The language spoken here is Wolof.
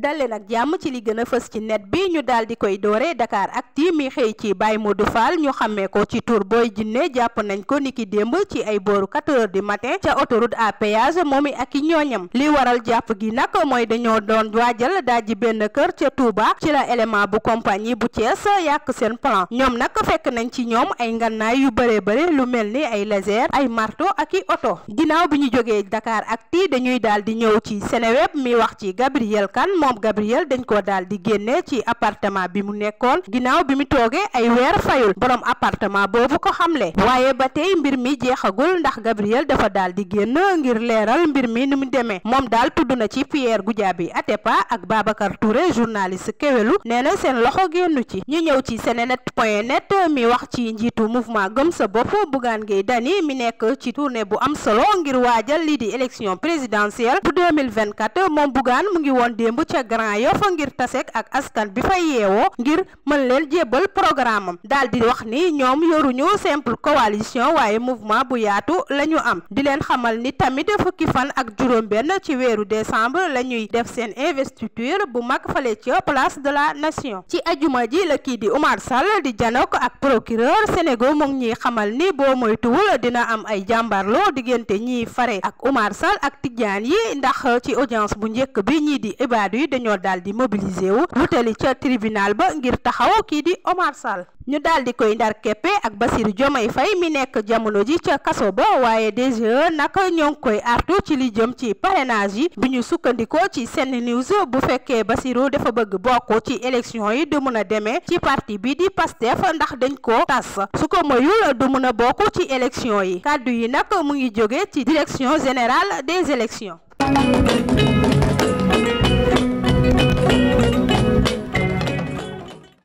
dalee nag jàmm ci li gën a fës ci net bi ñu daal di koy doore Dakaractu mi xëy ci Baye Modou Fall ñu xamee ko ci tur booy jinne jàpp nañ ko niki démb ci ay booru 4 heures du matin ca autoroute à péage moom i ak i ñooñam li waral jàpp gi nag mooy dañoo doon waajal daaji benn kër ca Touba ci la élément bu compagnie bu Thiès yàq seen plan ñoom nag fekk nañ ci ñoom ay ngannaay yu bëree bëri lu mel ni ay laser ay marto ak i oto ginnaaw bi ñu jógee Dakaractu dañuy daal di ñëw ci Seneweb mi wax ci Gabriel moom Gabriel dañ ko daal di génne ci appartement bi mu nekkoon ginnaaw bi mu toogee ay weer fayul borom appartement boobu ko xamle waaye ba tey mbir mi jeexagul ndax Gabriel dafa daal di génn ngir leeral mbir mi ni mu demee moom dal tudd na ci Pierre Goudiaby Atepa ak Babacar Touré journaliste Kewelu nee na seen loxo génnu ci ñu ñëw ci senenet point net mi wax ci njiitu mouvement gëm sa bopp Bougane Gueye Dany mi nekk ci tournée bu am solo ngir waajal lii di élection présidentielle bu 2024 moom Bougane mu ngi woon démb ca ca Grand Yoff ngir taseek ak askan bi fa yeewoo ngir mën leen jébbal programme am di wax ni ñoom yoruñu simple coalition waaye mouvement bu yaatu la ñu am di leen xamal ni tamit fukki fan ak juróom-benn ci weeru décembre la ñuy def seen investiture bu mag fale ca place de la nation ci ajuma ji la kii di Oumar Sall di janok ak procureur Sénégal mu ngi xamal ni boo moytuwul dina am ay jàmbarloo diggante ñiy fare ak Oumar ak Tidiane yi ndax ci audience yi dañoo daal di mobiliser wu wutali ca tribunal ba ngir taxaw kii di Omar Sall ñu daal di koy ndar keppe ak basiru jomay fay mi nekk jamono ji ca kaso ba waaye DGE naka ñoo ngi koy artu ci li jëm ci parrainage yi bi ñu sukkandikoo ci Sen News bu fekkee Bassirou dafa bëgg bokk ci élection yi du mun a demee ci parti bi di Pastef ndax dañ ko tas su ko moyul du mun a bokk ci élection yi kàddu yi nag mu ngi jóge ci direction général des élections